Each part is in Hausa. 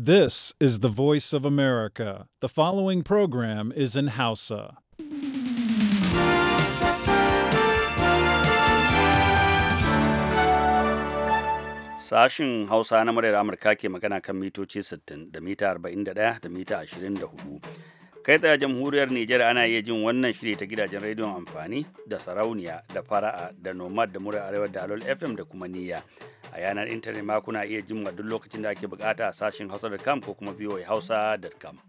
This is the voice of America. The following program is in Hausa. Sashin Hausa na muryar Amurka ke magana kan mitoci 60 da mita 41 da mita 24. kai tsaye jamhuriyar Nijar ana iya jin wannan shiri ta gidajen rediyon amfani da sarauniya da fara'a da nomad da murar arewa da alol fm da kuma niyya a yanar intanet ma kuna iya jin duk lokacin da ake bukata a sashen hausa.com ko kuma hausa.com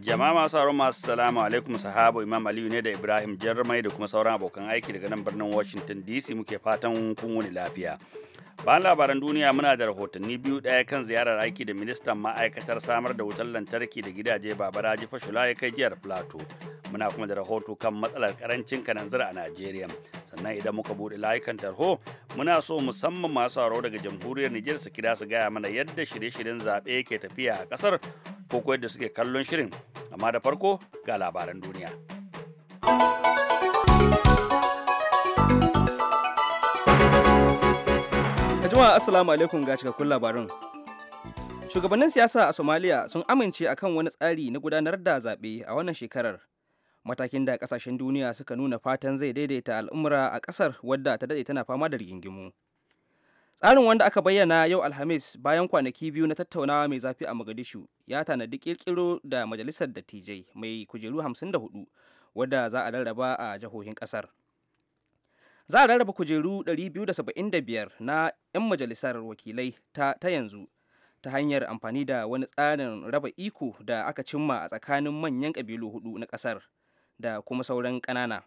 jama'a masu haro masu salamu alaikum sahabo imam aliyu ne da ibrahim jarmai da kuma sauran abokan aiki daga nan birnin washington dc muke fatan kun wani lafiya bayan labaran duniya muna da rahotanni biyu ɗaya kan ziyarar aiki da ministan ma'aikatar samar da wutar lantarki da gidaje babaraji fashula ya kai jihar plateau muna kuma da rahoto kan matsalar karancin kananzir a nigeria sannan idan muka buɗe layukan tarho muna so musamman masu haro daga jamhuriyar niger su kira su gaya mana yadda shirye-shiryen zaɓe ke tafiya a ƙasar ko yadda suke kallon shirin amma da farko ga labaran duniya. Jama'a Assalamu alaikum ga cikakkun labarin. Shugabannin siyasa a Somaliya sun amince a kan wani tsari na gudanar da zaɓe a wannan shekarar. Matakin da ƙasashen duniya suka nuna fatan zai daidaita al'umra a ƙasar wadda ta daɗe tana fama da rigingimu. Tsarin wanda aka bayyana yau Alhamis bayan kwanaki biyu na tattaunawa mai zafi a Mogadishu ya tanadi ƙirƙiro da Majalisar Dattijai mai kujeru hamsin da hudu, wadda za a rarraba a jihohin ƙasar. za a rarraba kujeru 275 na 'yan majalisar wakilai ta, ta yanzu ta hanyar amfani da wani tsarin raba iko da aka cimma a tsakanin manyan kabilu hudu na ƙasar da kuma sauran ƙanana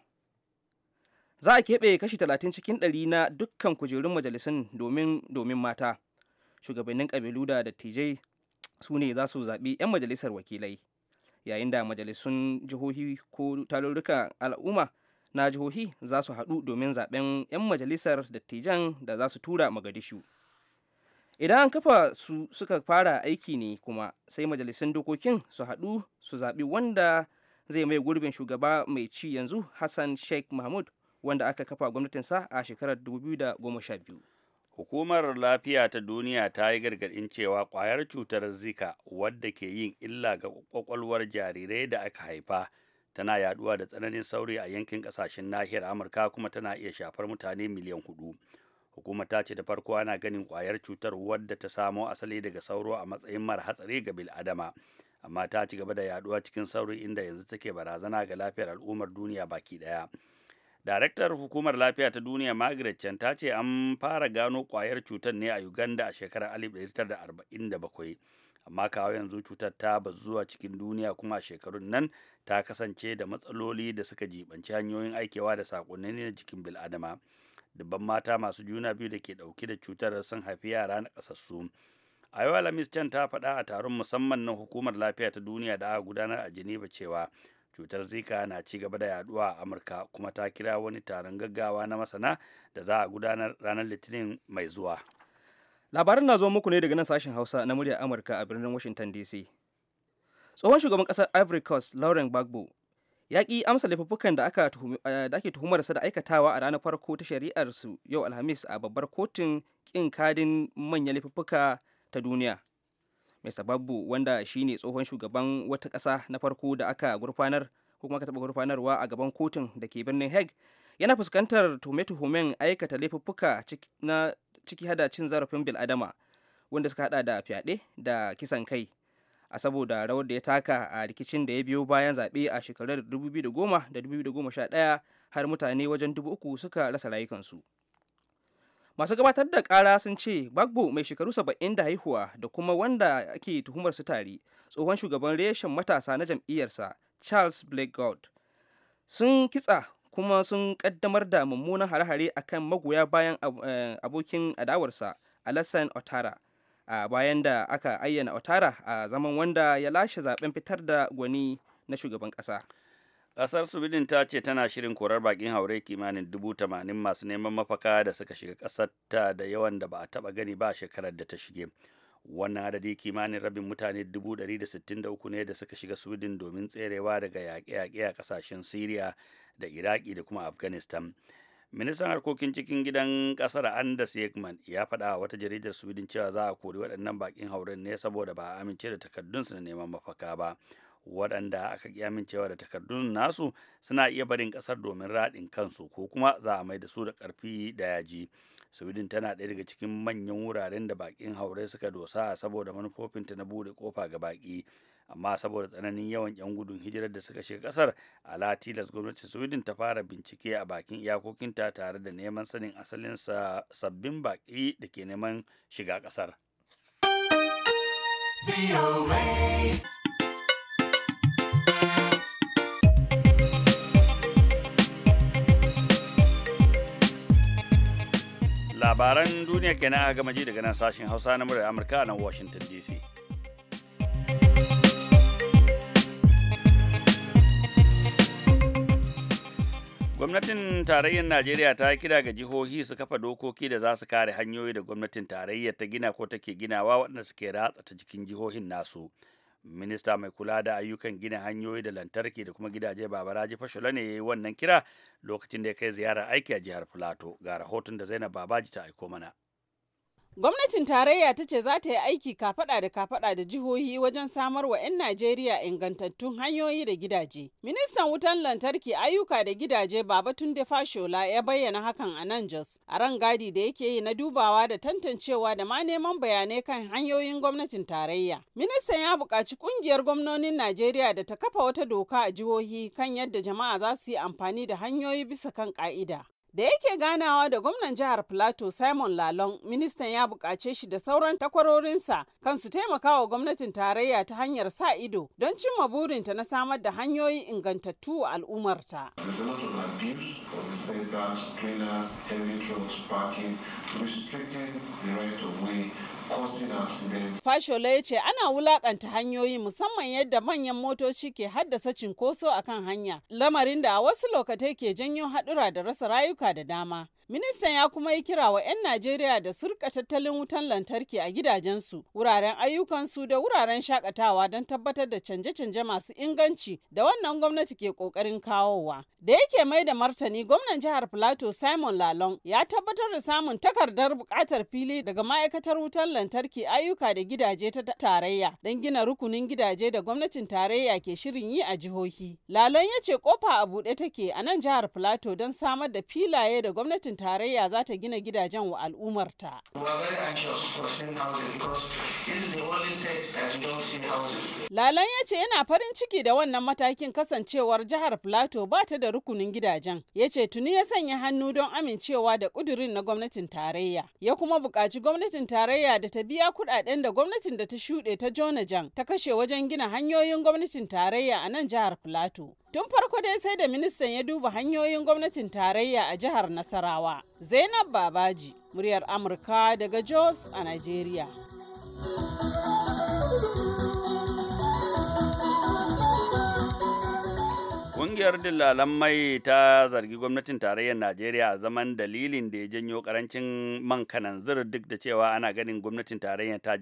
za a keɓe kashi 30 cikin 100 na dukkan kujerun majalisun domin, domin mata shugabannin kabilu da dattijai su ne za su zaɓi 'yan majalisar wakilai yayin da majalisun jihohi ko tarurruka al'umma na jihohi za su haɗu domin zaɓen 'yan majalisar dattijan da za su tura magadishu idan an kafa su suka fara aiki ne kuma sai majalisun dokokin su haɗu su zaɓi wanda zai mai gurbin shugaba mai ci yanzu hassan sheikh mahmud wanda aka kafa gwamnatinsa a shekarar 2012 hukumar lafiya ta duniya ta yi gargaɗin cewa ƙwayar cutar zika wadda ke yin illa ga ƙwaƙwalwar jarirai da aka haifa tana yaduwa da tsananin sauri a yankin kasashen nahiyar amurka kuma tana iya shafar mutane miliyan hudu hukumar ta ce da farko ana ganin kwayar cutar wadda ta samo asali daga sauro a matsayin mara hatsari ga adama, amma ta ci gaba da yaduwa cikin sauri inda yanzu take barazana ga lafiyar al'ummar duniya baki daya daraktar hukumar lafiya ta duniya margaret chan ta ce an fara gano kwayar cutar ne a uganda a shekarar 1947 amma kawo yanzu cutar ta bazuwa cikin duniya kuma shekarun nan ta kasance da matsaloli da suka jibanci hanyoyin aikewa da saƙonni na jikin bil'adama dubban mata masu juna biyu da ke ɗauki da cutar sun haifi yara na ƙasassu a yau alamis can ta faɗa a taron musamman na hukumar lafiya ta duniya da aka gudanar a geneva cewa cutar zika na ci gaba da yaduwa a amurka kuma ta kira wani taron gaggawa na masana da za a gudanar ranar litinin mai zuwa labaran na zo muku ne daga nan sashen hausa na muryar amurka a birnin washington dc tsohon shugaban kasar ivory coast lauren gbagbo ya ki amsa laifuffukan eh, da ake tuhumarsa da aikatawa a ranar farko ta shari'ar su yau alhamis a babbar kotun kin kadin manyan laifuffuka ta duniya mai sababbu wanda shine tsohon shugaban wata kasa na farko da aka gurfanar ko kuma aka taɓa gurfanarwa a gaban kotun da ke birnin hague yana fuskantar tuhume-tuhumen aikata laifuffuka ciki hada cin zarafin bil'adama wanda suka hada da fyaɗe da kisan kai a saboda rawar da ya taka a rikicin da ya biyo bayan zaɓe a shekarar 2010 da 2011 har mutane wajen dubu uku suka rasa rayukansu masu gabatar da ƙara sun ce bagbo mai shekaru saba'in da haihuwa da kuma wanda ake tuhumar su tare tsohon shugaban reshen matasa na jam'iyyarsa charles blake gold sun kitsa kuma sun kaddamar da mummunan hare-hare akan magoya bayan eh, abokin adawarsa alassan otara bayan da aka ayyana otara a zaman wanda ya lashe zaben fitar da gwani na shugaban kasa. ƙasar sweden ta ce tana shirin korar bakin haure kimanin dubu tamanin masu neman mafaka da suka shiga kasar ta da yawan da ba a taba gani ba shekarar da ta shige wannan adadi kimanin rabin mutane 163 ne da suka shiga sweden domin tserewa daga yaƙe-yaƙe a ƙasashen syria da iraki da kuma afghanistan ministan harkokin cikin gidan kasar anders yegman ya faɗa wata jaridar sweden cewa za a kori waɗannan baƙin hauren ne saboda ba a amince da takardunsu na neman mafaka ba waɗanda aka ƙi amincewa da takardun nasu suna iya barin ƙasar domin raɗin kansu ko kuma za a mai da su da ƙarfi da yaji sweden tana ɗaya daga cikin manyan wuraren da baƙin haure suka dosa saboda manufofinta na buɗe kofa ga baƙi amma saboda tsananin yawan 'yan gudun hijirar da suka shiga kasar a tilas gwamnatin sweden ta fara bincike a bakin iyakokinta tare da neman sanin asalin sabbin baki da ke neman shiga kasar labaran duniya kenan na gama ji daga nan sashen hausa na murar amurka nan washington dc gwamnatin tarayyar najeriya ta kira ga jihohi su kafa dokoki da za su kare hanyoyi da gwamnatin tarayyar ta gina ko take ginawa waɗanda suke ratsa ta cikin jihohin nasu minista mai kula da ayyukan gina hanyoyi da lantarki da kuma gidaje babaraji fashola ne ya yi wannan kira lokacin da ya kai ziyarar aiki a jihar filato ga rahoton da zainab babaji ta aiko mana Gwamnatin tarayya ta ce za ta yi aiki kafada da kafada da jihohi wajen samar wa 'yan Najeriya ingantattun hanyoyi da gidaje. Ministan wutan lantarki ayyuka da gidaje Babatunde Fashola ya bayyana hakan a nan Jos a ran gadi da yake yi na dubawa da tantancewa da ma neman bayanai kan hanyoyin gwamnatin tarayya. Ministan ya buƙaci ƙungiyar gwamnonin Najeriya da ta kafa wata doka a jihohi kan yadda jama'a za su yi amfani da hanyoyi bisa kan ƙa'ida. Da yake ganawa da gwamnan jihar Plateau Simon Lalong, ministan ya buƙace shi da sauran takwarorinsa kan su taimaka wa gwamnatin tarayya ta hanyar sa ido don cimma burinta na samar da hanyoyi ingantattu wa al'ummarta. the Fashola ya ce ana wulakanta hanyoyi musamman yadda manyan motoci ke haddasa cinkoso akan hanya, lamarin da a wasu lokatai ke janyo haɗura da rasa rayuka da dama. Ministan ya kuma yi kira wa 'yan Najeriya da surka tattalin wutan lantarki a gidajensu, wuraren ayyukansu da wuraren shakatawa don tabbatar da canje-canje masu inganci da wannan gwamnati ke kokarin kawowa. Da yake mai da martani gwamnan jihar filato Simon Lalong ya tabbatar da samun takardar bukatar fili daga ma'aikatar wutan lantarki ayyuka da gidaje ta tarayya don gina rukunin gidaje da gwamnatin tarayya ke shirin yi a jihohi. Lalong ya ce kofa a buɗe take a nan jihar filato don samar da filaye da gwamnatin tarayya za ta gina gidajen wa al'ummarta. Lalan ya ce yana farin ciki da wannan matakin kasancewar jihar Plateau ba ta da rukunin gidajen. Ya ce tuni ya sanya hannu don amincewa da ƙudurin na gwamnatin tarayya. Ya kuma buƙaci gwamnatin tarayya da ta biya kuɗaɗen da gwamnatin da ta shuɗe ta jona Jonajan ta kashe wajen gina hanyoyin gwamnatin tarayya a nan jihar Plateau. Tun farko dai sai da ministan ya duba hanyoyin gwamnatin tarayya a jihar Nasarawa. Zainab Babaji, muryar Amurka daga Jos a Najeriya. Ƙungiyar dillalan mai ta zargi gwamnatin tarayyar Najeriya a zaman dalilin da ya janyo ƙarancin man kananzir duk da cewa ana ganin gwamnatin tarayyar ta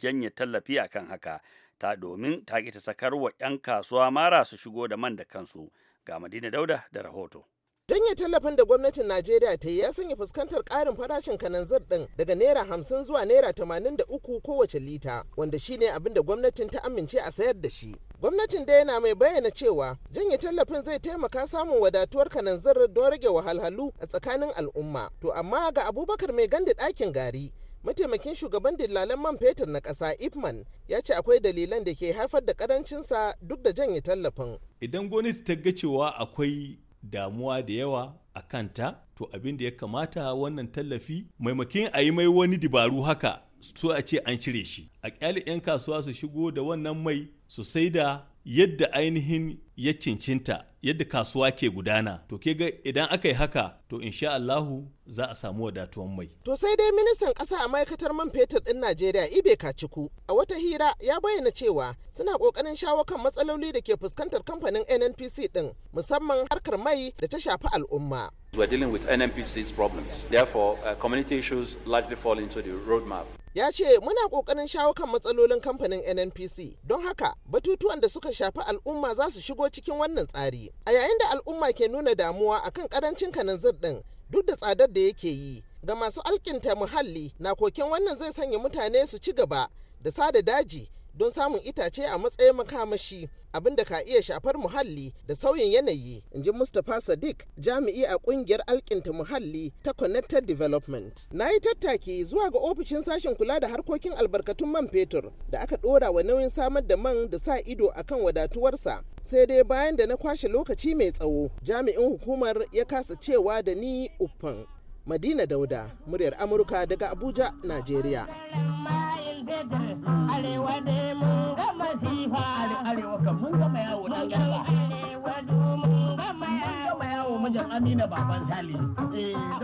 janye tallafi a kan haka. ta domin ta ƙi ta sakar wa 'yan kasuwa mara su shigo da man da kansu ga madina dauda da rahoto janye tallafin da gwamnatin najeriya ta yi ya sanya fuskantar ƙarin farashin kananzir ɗin daga naira hamsin zuwa naira tamanin da uku kowace lita wanda shine abin da gwamnatin ta amince a sayar da shi gwamnatin da yana mai bayyana cewa janye tallafin zai taimaka samun wadatuwar kananzir don rage wahalhalu a tsakanin al'umma to amma ga abubakar mai gandi ɗakin gari mataimakin shugaban dillalan man fetur na ƙasa ipman ya ce akwai dalilan da ke haifar da ƙarancinsa duk da janye tallafin idan gwamnati ta ga cewa akwai damuwa da yawa a kanta to abin da ya kamata wannan tallafi maimakin a yi mai wani dabaru haka su a ce an cire shi a ƙyale 'yan kasuwa su shigo da wannan mai su da. yadda ainihin ya cincinta yadda kasuwa ke gudana to ke ga idan aka yi haka to insha Allahu za a samu wadatuwan mai. To sai dai ministan ƙasa a ma'aikatar man fetur ɗin Najeriya Ibe Kaciku a wata hira ya bayyana cewa suna ƙoƙarin shawo kan matsaloli da ke fuskantar kamfanin NNPC ɗin musamman harkar mai da ta shafi al'umma. are dealing with NNPC's problems. Therefore, uh, community issues largely fall into the roadmap. ya ce muna kokarin shawo kan matsalolin kamfanin nnpc don haka batutuwan da suka shafi al'umma za su shigo cikin wannan tsari a yayin da al'umma ke nuna damuwa akan karancin kananzir ɗin duk da tsadar da yake yi ga masu alkinta muhalli na koken wannan zai sanya mutane su ci gaba da sada daji don samun itace a matsayin makamashi abin da ka iya shafar muhalli da sauyin yanayi in ji mustapha sadiq jami'i a kungiyar alkinta muhalli ta connected development na yi tattaki zuwa ga ofishin sashen kula da harkokin albarkatun man fetur da aka dora wa nauyin samar da man da sa ido a kan wadatuwarsa sai dai bayan da na kwashe lokaci mai tsawo jami'in hukumar ya kasa cewa da ni uffan Madina Dauda, muryar Amurka daga Abuja, Najeriya.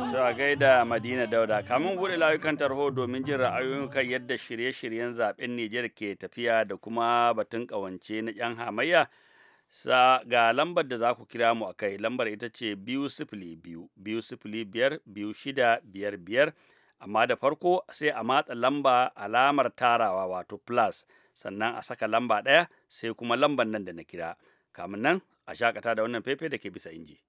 To a gaida Madina Dauda, kamun buɗe layukan tarho domin jin ra'ayoyin yadda shirye-shiryen zaɓen Nijar ke tafiya da kuma batun ƙawance na 'yan hamayya. sa ga lambar da za ku kira mu a kai lambar ita ce biyu sifili biyu biyu sifili biyar biyu shida biyar biyar amma da farko sai a matsa lamba alamar tarawa wato plus sannan a saka lamba ɗaya sai kuma lambar nan da na kira kamun nan a shakata da wannan fefe da ke bisa inji.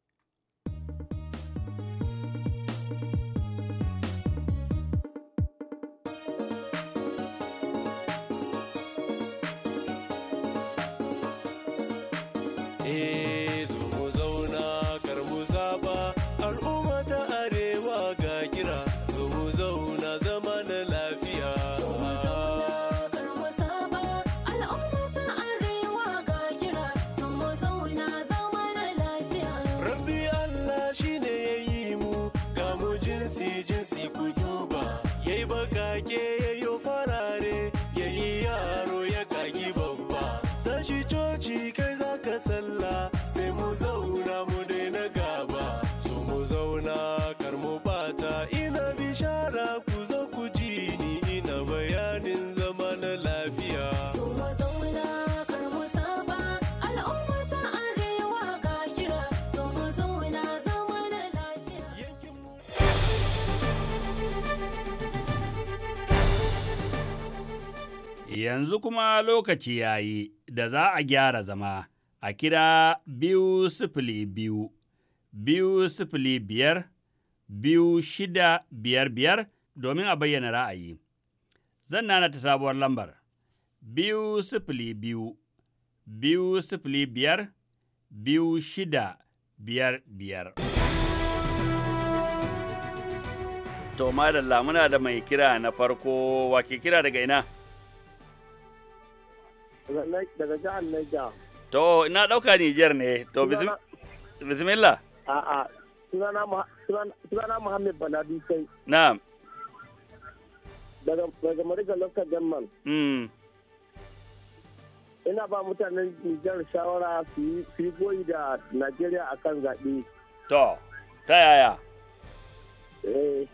Yanzu kuma lokaci ya yi da za a gyara zama a kira biyu sifili biyu, biyu sifili biyar, biyu shida biyar biyar domin a bayyana ra'ayi. Zan nana ta sabuwar lambar biyu sifili biyu, biyu sifili biyar, biyu shida biyar biyar. To, madalla muna da mai kira na farko, wake kira daga ina? Daga jihar Naija. To, ina ɗauka Niger ne. To, bismillah. A'a, sunana Muhammad banadu sai. Na'am. Daga Mariga Lokal Jamman. Ina ba mutanen Nijar shawara su yi goyi da Najeriya akan zaɓe. To, ta yaya? Eh.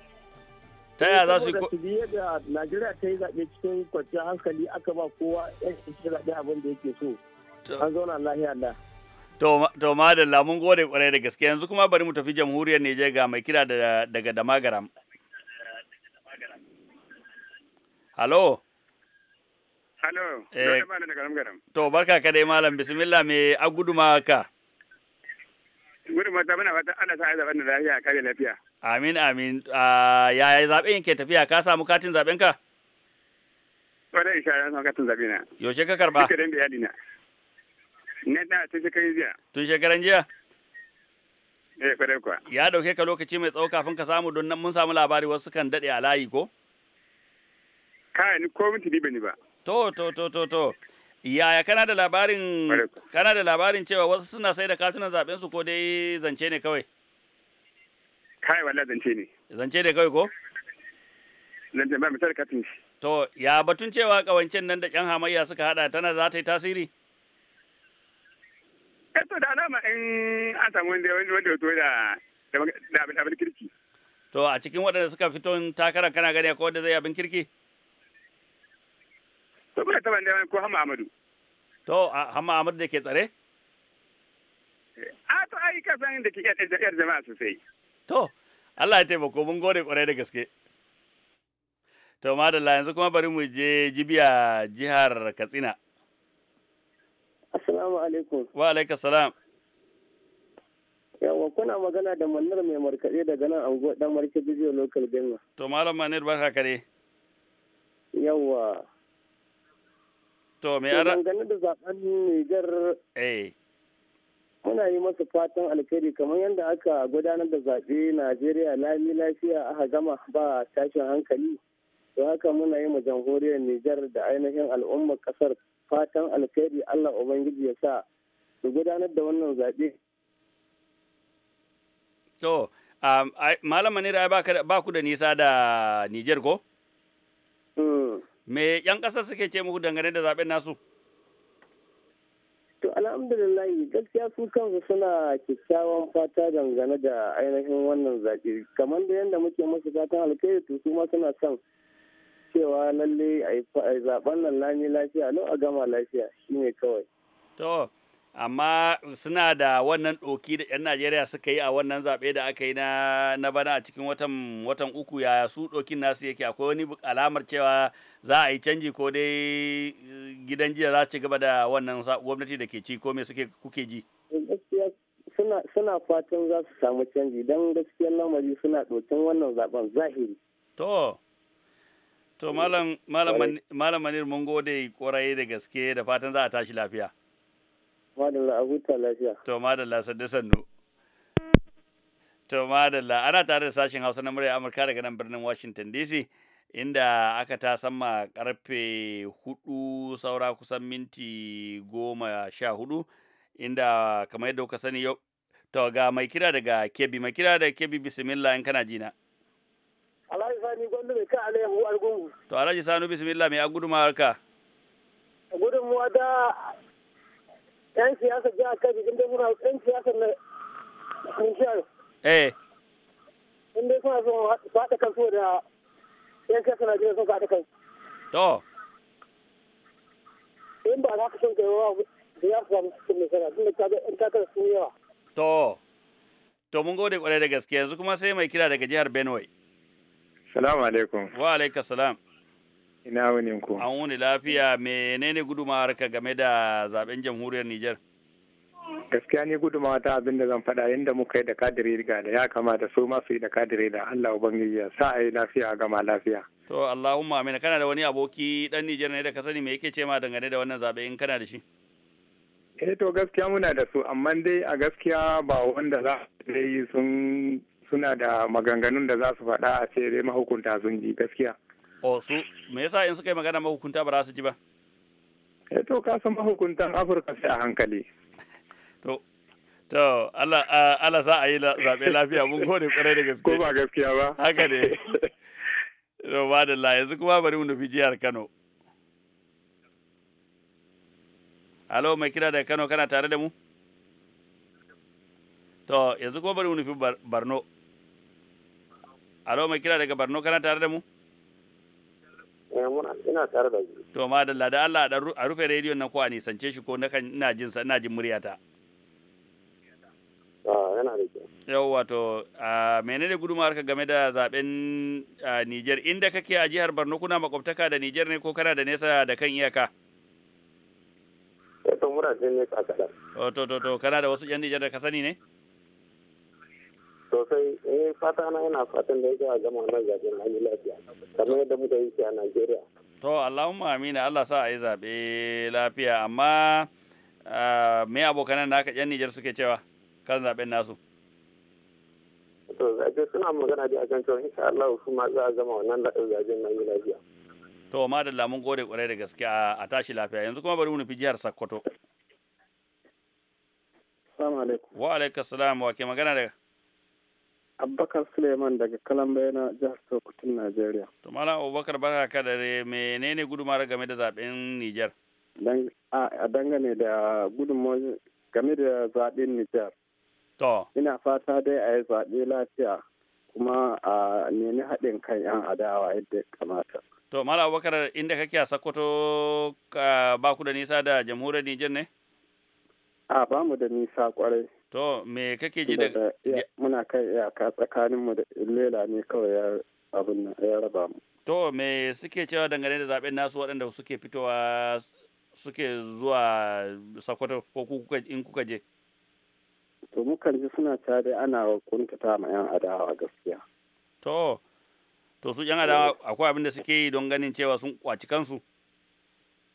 ta yaya za su yi ko da najeriya ta yi zaɓe cikin kwanciyar hankali aka ba kowa yan shi zaɓe abin da yake so an zauna lahiya da to ma da lamun gode kwarai da gaske yanzu kuma bari mu tafi jamhuriyar Nijar ga mai kira daga damagaram halo halo eh, to barka ka dai malam bismillah me a guduma ka guduma ta muna fata Allah sa'a da wannan lafiya kare lafiya Amin amin ah, yaya zaɓen yake tafiya ka samu katin zaɓen ka? Wane isha ya samu katin zaɓe na. Yaushe ka karɓa? Duka da iyali na. Na tun shekaran jiya. Tun shekaran jiya? Eh kwarai kuwa. Ya ɗauke ka lokaci mai tsawo kafin ka samu don mun samu labari wasu kan daɗe a layi ko? Kai ni ko minti ba ni ba. To to to to to. Yaya kana da labarin kana da labarin cewa wasu suna sai da katunan zaɓen su ko dai zance ne kawai? kai wallahi zance ne zance da kai ko zance ba misali katin shi to ya batun cewa kawancen nan da ƴan hamayya suka hada tana za ta yi tasiri eh to da alama in an samu wanda wanda ya da da abin kirki to a cikin waɗanda suka fito takara kana gani ko wanda zai abin kirki to ba ta ban da ko Hamma Amadu to Hamma Amadu da ke tsare eh, a to ai ka san da ke yar jama'a sosai to Allah ya taimako mun gode kwarai da gaske to madalla yanzu kuma bari mu je jibiya jihar katsina assalamu alaikum wa alaikum salam yawa kuna magana da manar mai markaɗe daga nan ango dan marke bidiyo local gamma to malam manir barka kare yawa to me ara dangane da zaben Niger eh muna yi masa fatan alkhairi kamar yadda aka gudanar da zaɓe najeriya lami lafiya aka gama ba tashin hankali to haka muna yi ma jamhuriyar nijar da ainihin al'ummar ƙasar fatan alkhairi allah ubangiji ya sa su gudanar da wannan zaɓe to malama ne ba ku da nisa da nijar ko mm. me yan ƙasar suke ce muku dangane da zaɓen nasu alhamdulillah gaskiya su kansu suna kyakkyawan fata dangane da ainihin wannan zaɓe kamar da yadda muke masu fatan alkhairi to su ma suna son cewa lalle a zaɓen nan lami lafiya lau a gama lafiya shine kawai. amma suna da wannan ɗoki da 'yan najeriya suka yi a wannan zaɓe da aka yi na, bana a cikin watan, watan uku ya su ɗokin nasu yake akwai wani alamar cewa za a yi canji ko dai eh, gidan jiya za ci gaba da wannan gwamnati da ke ci ko me suke kuke ji suna fatan za su samu canji don gaskiyar lamari suna ɗokin wannan zaben zahiri to to malam malam manir mun gode kwarai da gaske da fatan za a tashi lafiya Madalla a huta lafiya. To madalla sannu. To madalla ana tare da sashen Hausa na murya Amurka daga nan birnin Washington DC inda aka ta sama karfe hudu saura kusan minti goma sha hudu inda kamar yadda kuka sani yau to ga mai kira daga kebi mai kira daga kebi bismillah in kana jina. Alhaji Sani gwamnati mai kan Alayyahu Argungu. To Alhaji Sani bismillah mai a gudunmawar ka. Gudunmawa ta yan siyasa jihar kabi inda muna yan siyasa na jihar eh inda suna son faɗa kansu da yan siyasa najeriya sun faɗa kansu to in ba za ka son kai wa da ya samu cikin nasara tun da ka ga yan sun yawa to to mun gode kwarai da gaske yanzu kuma sai mai kira daga jihar benue salamu alaikum wa alaika salam Ina wani ku. An wani lafiya menene gudumawar ka game da zaben jamhuriyar Nijar? Gaskiya ne gudumawa ta abin da zan faɗa yadda muka yi da kadiri ga da ya kamata su masu yi da kadiri da Allah Ubangiji ya sa a yi lafiya a gama lafiya. To Allahumma amina kana da wani aboki dan Nijar ne da ka sani me yake ce ma dangane da wannan zabe in kana da shi? Eh to gaskiya muna da su amma dai a gaskiya ba wanda za su sun suna da maganganun da za su faɗa a ce dai mahukunta sun ji gaskiya. o su me yasa in suka yi magana mahukunta ba za su ji ba eh to ka san mahukuntan afirka sai a hankali to to Allah Allah za a yi zaɓe lafiya mun gode kware da gaske ko ba gaskiya ba haka ne to ba da la yanzu kuma bari mu nufi jihar Kano Halo mai kira da Kano kana tare da mu to yanzu kuma bari mu nufi Barno Halo mai kira daga Barno kana tare da mu Eh, ina tare da shi to madalla da Allah a rufe rediyon nan ko a nisance shi ko nakan ina jin sa ina jin muryata ah, yana da kyau yau wato menene gudumar ka game da zaben Niger inda kake a jihar Borno kuna makwabtaka da Niger ne ko kana da nesa da kan iyaka eh, to mura ne ka kada oh, to to to kana da wasu yan Niger da ka sani ne sosai eh fata na yana fatan da yake a gama na zaɓe na hanyar lafiya kamar yadda muka yi a Najeriya. To Allahumma amina Allah sa a yi zaɓe lafiya amma ah, me abokanan da aka yan Nijar suke cewa kan zaɓen nasu. To zaɓe suna magana da akan cewa insha Allah su ma za a gama wannan zaɓen na hanyar lafiya. To ma da lamun gode kwarai da gaske a tashi lafiya yanzu kuma bari mu nufi jihar Sokoto. Assalamu alaikum. Wa alaikum salam wa ke magana daga. Abubakar Suleiman daga Kalamba yana jihar Sokoto, nigeria To Malam Abubakar barka ka dare menene gudumar game da zaben Nijar? A dangane da gudunmawar game da zaben Nijar. To. Ina fata dai a yi zaɓe lafiya kuma a nemi haɗin kan 'yan adawa yadda kamata. To Malam Abubakar inda kake a Sokoto ba ku da nisa da jamhuriyar Nijar ne? A ba mu da nisa kwarai. To me kake ji da muna kai tsakanin tsakaninmu da lela ne kawai ya abin ya raba mu. To me suke cewa dangane da zaben nasu waɗanda suke fitowa suke zuwa Sokoto ko kuka in kuka je? To mukan ji suna ta dai ana kuntata ma yan adawa gaskiya. To to su yan adawa eh. akwai abin da suke yi don ganin cewa sun kwaci kansu.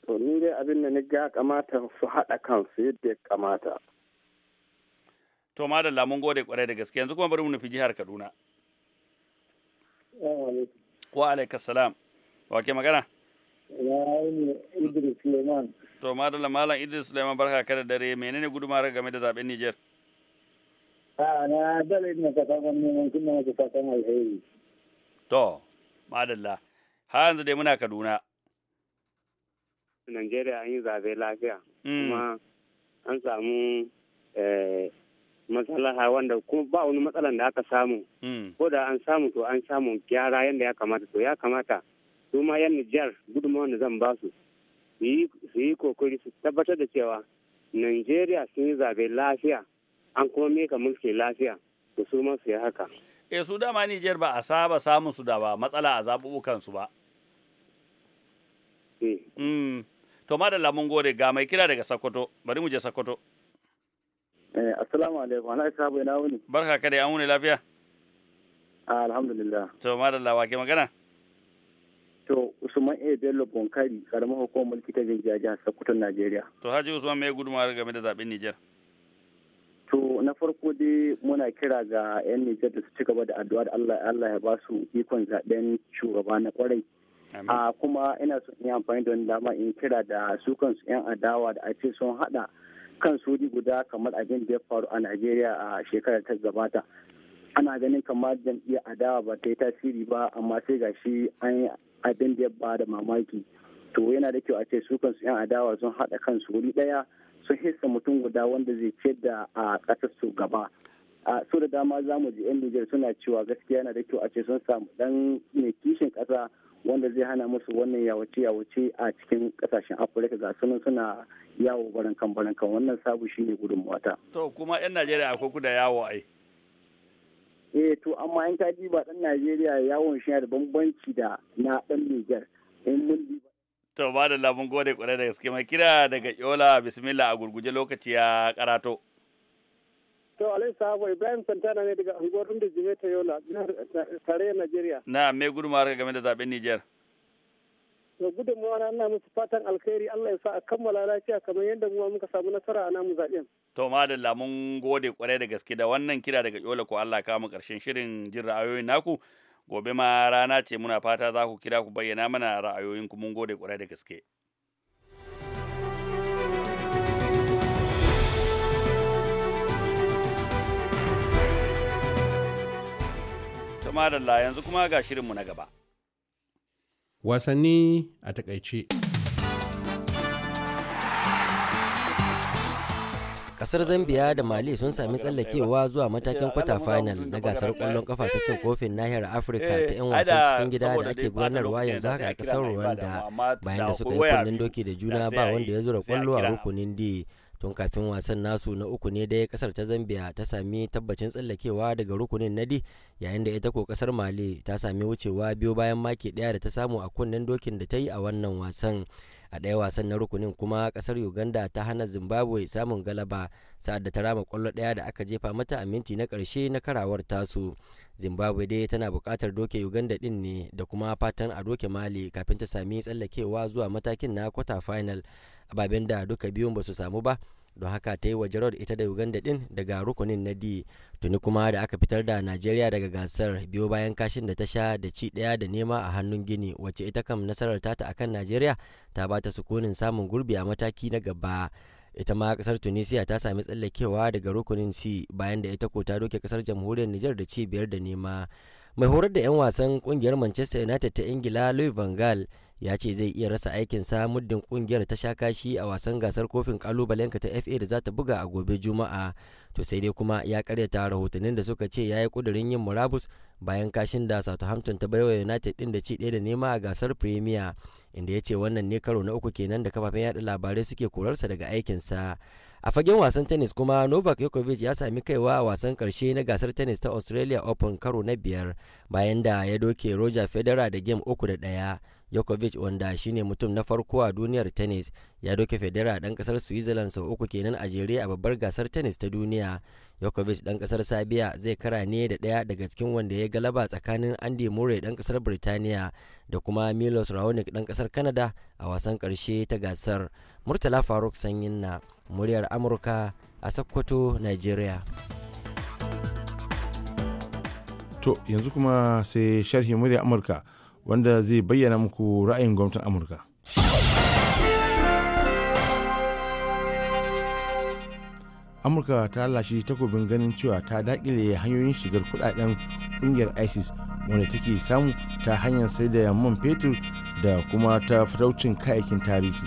To ni dai abin da ni ga kamata su haɗa kansu yadda ya kamata. to da mun gode kwarai da gaske yanzu kuma bari mu nufi jihar Kaduna wa alaikas salam wa ke magana Idris Suleiman to madalla malam Idris Suleiman barka kada dare menene gudumar game da zaben Niger a na dole ne ka san wannan kuma ka san alheri to madalla har yanzu dai muna Kaduna Najeriya an yi zabe lafiya mm. kuma an samu eh, matsalaha wanda kuma ba wani matsalan da aka samu hmm. ko da an samu to an samu gyara yadda ya kamata to ya kamata su ma yan Nijar gudunmawa da zan ba su su yi kokari su tabbatar da cewa Najeriya sun yi zabe lafiya an kuma meka mulki lafiya to su ma su yi haka. E su dama Nijar ba a saba samun su da ba matsala a zabubukan su ba. Eh. Hmm. To ma da lamun gode ga mai kira daga Sokoto bari mu je Sokoto. Eh, assalamu alaikum, ana isa bai ina wuni. Barka ka dai an wuni lafiya. Ah, alhamdulillah. To da wa ke magana? To Usman A Bello Bonkari, karamar hukumar mulki ta jirgin jirgin Sokoto Najeriya. To Haji Usman mai gudunmawar game da zaɓen Nijar. To na farko dai muna kira ga 'yan Nijar da su ci gaba da addu'a da Allah Allah ya ba su ikon zaɓen shugaba na kwarai. A ah, kuma ina son yi amfani da wani dama in kira da su kansu 'yan adawa da ake son sun hada kan suri guda kamar abin da ya faru a najeriya a shekarar ta gabata ana ganin kamar jam'iyyar adawa ba ta yi tasiri ba amma sai ga shi an yi abin da ya ba da mamaki to yana da kyau a ce su kansu 'yan adawa sun haɗa kansu wuri ɗaya sun hissa mutum guda wanda zai ce da a ƙasar su gaba a su da dama za mu ji 'yan nijar suna cewa gaskiya yana da kyau a ce sun samu ɗan mai kishin ƙasa wanda zai hana musu wannan yawace yawace a cikin kasashen afirka ga sunan suna yawo barankan barankan wannan sabu shine mata to kuma yan najeriya akwai kuda yawo ai eh to amma in ka diba dan najeriya yawon shi da bambanci da na dan niger in mun to ba da labun gode kwarai da gaske mai kira daga yola bismillah a gurguje lokaci ya karato To Alai Sabo Ibrahim Santana ne daga unguwar Rundu Jime ta Yola, a Najeriya. Na me ga game da zaben Nijar? To gudunmawa na ina musu fatan alkhairi Allah ya sa a kammala lafiya kamar yadda mu muka samu nasara a namu zaben. To madalla mun gode kwarai da gaske da wannan kira daga Yola ko Allah kama karshen shirin jin ra'ayoyin naku. Gobe ma rana ce muna fata za ku kira ku bayyana mana ra'ayoyinku mun gode kwarai da gaske. madalla yanzu kuma ga shirinmu na gaba. Wasanni a takaice. kasar zambia da mali sun sami tsallakewa zuwa matakin kwata final na gasar kwallon kafa ta cin kofin nahiyar afirka ta 'yan wasan eh, cikin gida da ake gudanarwa yanzu haka a kasar rwanda bayan da suka yi kunnen doki da juna ba wanda ya zura kwallo a rukunin d tun kafin wasan nasu na uku ne dai kasar ta zambia ta sami tabbacin tsallakewa daga rukunin nadi yayin da ita ko kasar mali ta sami wucewa biyu bayan maki daya da ta samu a kunnen dokin da ta yi a wannan wasan a ɗaya wasan na rukunin kuma ƙasar uganda ta hana zimbabwe samun galaba sa'ad da ta rama ƙwallo ɗaya da aka jefa mata a minti na ƙarshe na karawar tasu zimbabwe dai tana buƙatar doke uganda ɗin ne da kuma fatan a doke mali kafin ta sami tsallakewa zuwa matakin na kwata final ababen da duka biyun ba su samu ba don haka ta yi wa Gerard ita da Uganda din daga rukunin na D tuni kuma da aka fitar da Najeriya daga gasar biyo bayan kashin da ta sha da ci daya da nema a hannun Gini wacce ita kam nasarar tata akan Najeriya ta ba ta sukunin samun gurbi a mataki na gaba ita ma kasar Tunisia ta sami tsallakewa daga rukunin C bayan da ita ko ta doke kasar jamhuriyar Niger da ci biyar da nema mai horar da 'yan wasan kungiyar Manchester United ta Ingila Louis van Gaal ya ce zai iya rasa aikin aikinsa muddin kungiyar ta sha kashi a wasan gasar kofin kalubalenka ta fa da za ta buga a gobe juma'a to sai dai kuma ya karyata rahotannin da suka ce ya yi kudurin yin murabus bayan kashin da southampton ta baiwa united din da ci ɗaya da nema a gasar premier inda ya ce wannan ne karo na uku kenan da kafafen yada labarai suke korarsa daga aikin sa a fagen wasan tennis kuma novak yokovic ya sami kaiwa a wasan karshe na gasar tennis ta australia open karo na biyar bayan da ya doke roger federer da game uku da ɗaya Djokovic wanda shine mutum na farko a duniyar tennis ya doke federa dan kasar Switzerland sau uku kenan a jere a babbar gasar tennis ta duniya. Djokovic dan kasar Sabiya zai kara ne da daya daga cikin wanda ya galaba tsakanin Andy Murray dan kasar Birtaniya da kuma Milos Raonic dan kasar Canada a wasan karshe ta gasar. Murtala Faruk Sanyin na muryar Amurka a Sokoto, Nigeria. To yanzu kuma sai sharhi murya Amurka. wanda zai bayyana muku ra'ayin gwamnatin amurka amurka ta lashe takobin ganin cewa ta dakile hanyoyin shigar kudaden kungiyar isis wanda take samu ta hanyar sai da man fetur da kuma ta fitaucin kayakin tarihi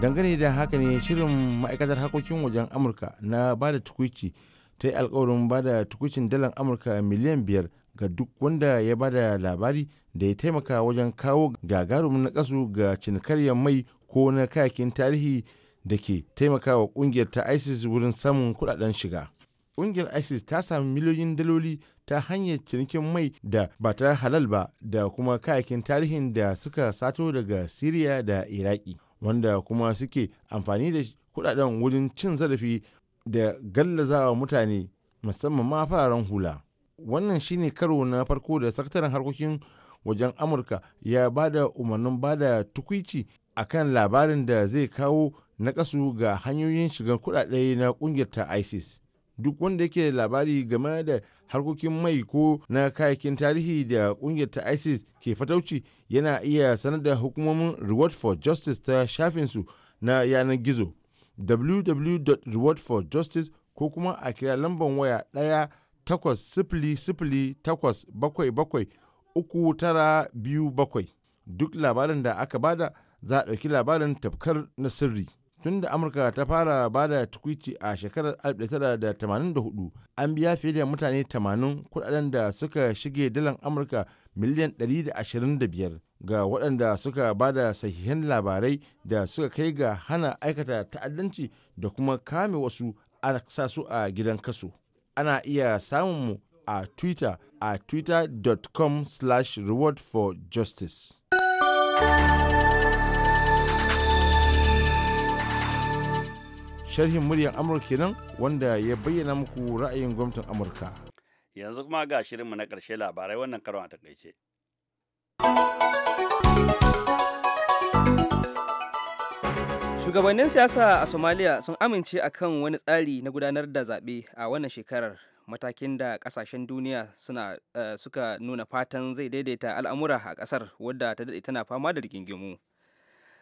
dangane da haka ne shirin ma'aikatar harkokin wajen amurka na bada tukuici ta yi alkawarin bada tukucin dalar amurka miliyan biyar ga duk wanda ya bada labari da ya taimaka wajen kawo gagarumin nakasu ga cinikaryar mai ko na kayakin tarihi da ke taimakawa kungiyar ta isis wurin samun kudaden shiga kungiyar isis ta sami miliyoyin daloli ta hanyar cinikin mai da ba ta halal ba da kuma kayakin tarihin da suka sato daga siriya da iraki wanda kuma suke amfani da kudaden wurin cin zarafi da gallazawa mutane musamman ma fararen hula wannan shine karo na farko da sakataren harkokin wajen amurka ya ba da umarnin ba da tukwici a kan labarin da zai kawo nakasu ga hanyoyin shigar kudade na kungiyar ta isis duk wanda yake labari game da harkokin mai ko na kayakin tarihi da kungiyar ta isis ke fatauci yana iya sanar da hukumomin reward for justice ta shafinsu na yanar gizo www.rewardforjustice ko kuma a kira lambar waya ɗaya takwas sifili sifili takwas bakwai bakwai uku tara biyu bakwai duk labarin da aka bada za a ɗauki labarin tafkar na sirri tun da amurka ta fara bada tukwici a shekarar 1984 an biya fiye da mutane 80 kudaden da suka shige dalan amurka miliyan 125 ga waɗanda suka bada da sahihan labarai da suka kai ga hana aikata ta'addanci da kuma kame wasu a sa su a gidan kaso ana iya samun mu a twitter a twitter.com slash reward for justice sharhin muryar amurka kenan wanda ya bayyana muku ra'ayin gwamnatin amurka yanzu kuma ga shirinmu na ƙarshe labarai wannan karon a takaice. shugabannin siyasa a somalia sun amince a kan wani tsari na gudanar da zaɓe a wannan shekarar matakin da ƙasashen duniya suna eh, suka nuna fatan zai daidaita al'amura a ƙasar wadda ta daɗe tana fama da rigingimu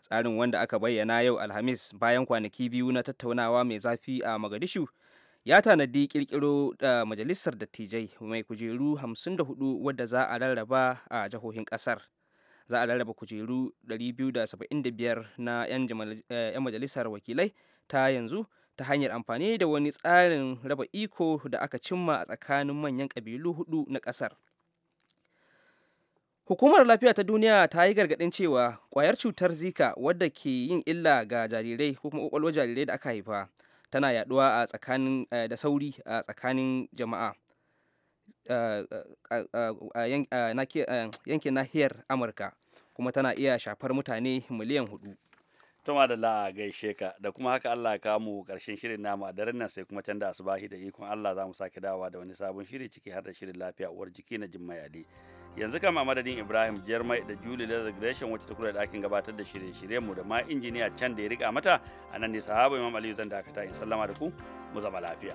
tsarin wanda aka bayyana yau alhamis bayan kwanaki biyu na tattaunawa mai zafi a magadishu ya tanadi ƙirƙiro da majalisar dattijai mai kujeru 54 wadda za a rarraba a jihohin ƙasar za a rarraba kujeru 275 na eh, 'yan majalisar wakilai ta yanzu ta hanyar amfani da wani tsarin raba iko da aka cimma a tsakanin manyan kabilu hudu na ƙasar hukumar lafiya ta duniya ta yi gargaɗin cewa ƙwayar cutar zika wadda ke yin illa ga jarirai ko kuma ƙwaƙwalwar jarirai da aka haifa tana yaduwa a tsakanin eh, da sauri a tsakanin jama'a yankin nahiyar amurka kuma tana iya shafar mutane miliyan hudu tuma da la gaishe ka da kuma haka Allah ka mu karshen shirin namu a daren nan sai kuma can da asubahi da ikon Allah za mu sake dawa da wani sabon shiri ciki har da shirin lafiya uwar jiki na Jummai Ali yanzu kama madadin Ibrahim Jermai da Julie Lazargration wacce ta kula da ɗakin gabatar da shirye-shiryen mu da ma injiniya can da ya rika mata a nan ne sahaba Imam Aliyu zan dakata in sallama da ku mu zama lafiya.